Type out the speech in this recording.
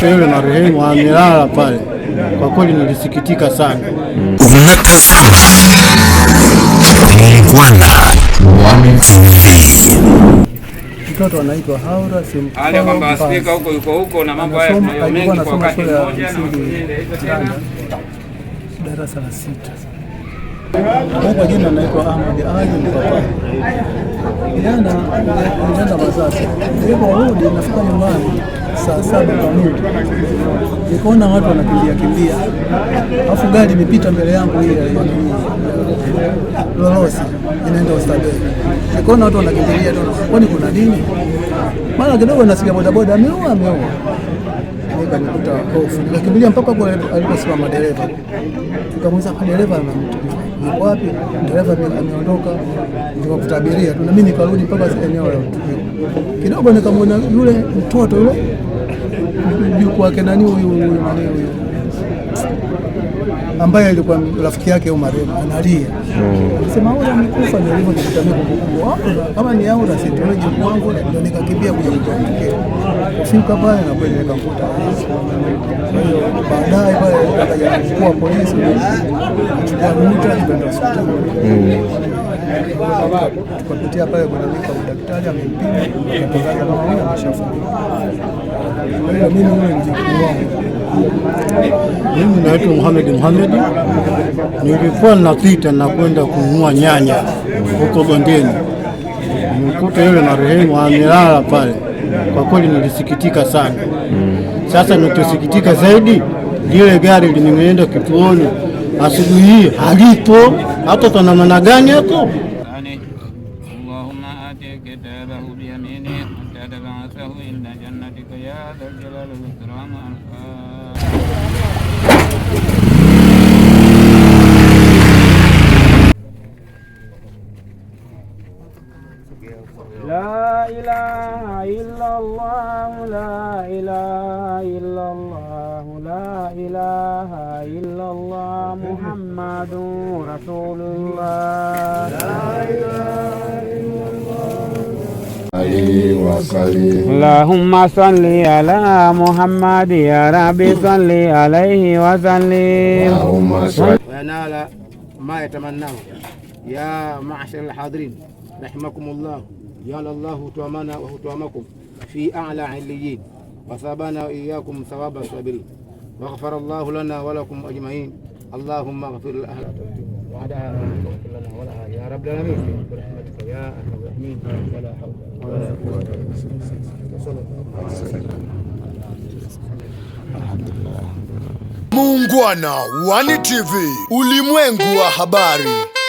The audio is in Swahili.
maisha yule marehemu amelala pale, kwa kweli nilisikitika sana. Mtoto anaitwa Haura Simale kwamba spika huko yuko huko na mambo haya tunayo mengi kwa wakati mmoja, na darasa la sita. Kwa jina naitwa Ahmad Ali Mpapa. Jana nilienda Masasi, niliporudi nafika nyumbani saa saba kamili, nikaona watu wanakimbia kimbia, alafu gari imepita mbele yangu, ile lolosi inaenda Oysterbay, nikaona watu wanakimbilia tena, kwani kuna nini? Mara kidogo nasikia bodaboda ameua ameua kanikuta hofu, nikakimbilia mpaka aliposimama madereva, nikamuuliza madereva na mtu yuko wapi? Dereva ameondoka, nikakuta abiria tu, na mimi nikarudi mpaka eneo la tukio. Kidogo nikamwona yule mtoto yule mjukuu wake nani huyu nani huyu ambaye alikuwa rafiki yake Omar analia, hmm. anasema huyu amekufa. Ndio hivyo nikutana kumbukumbu kama ni au rasitoleji kwangu, ndio nikakimbia kuja kutoa mkeo, kufika pale na kweli nikamkuta. Baadaye mkuu wa polisi hospitali, tukapitia pale, daktari amempima, akatangaza ameshafunguliwa. Kwa hiyo mimi huyo wangu. Mimi naitwa Muhamed muhamedi nilikuwa napita na kwenda kununua nyanya huko bondeni, nikuta yule marehemu amelala pale. Kwa kweli nilisikitika sana. Sasa nitosikitika zaidi lile gari limeenda kituoni, asubuhi hii halipo. Hata tuna maana gani hapo? La ilaha إله إلا الله محمد رسول الله لا إله إلا الله اللهم صل على محمد يا ربي صل عليه وسلم اللهم صل وينال ما يتمناه يا معشر الحاضرين رحمكم الله يا الله تؤمنا وهو في أعلى عليين وثابنا وإياكم ثواب الصابرين waghfara Allahu lana wa lakum ajmain allahumma ighfir lana walaha ya rabbal alamin birahmatika ya arhamar wala hawla wala quwwata illa billah. One TV, ulimwengu wa habari.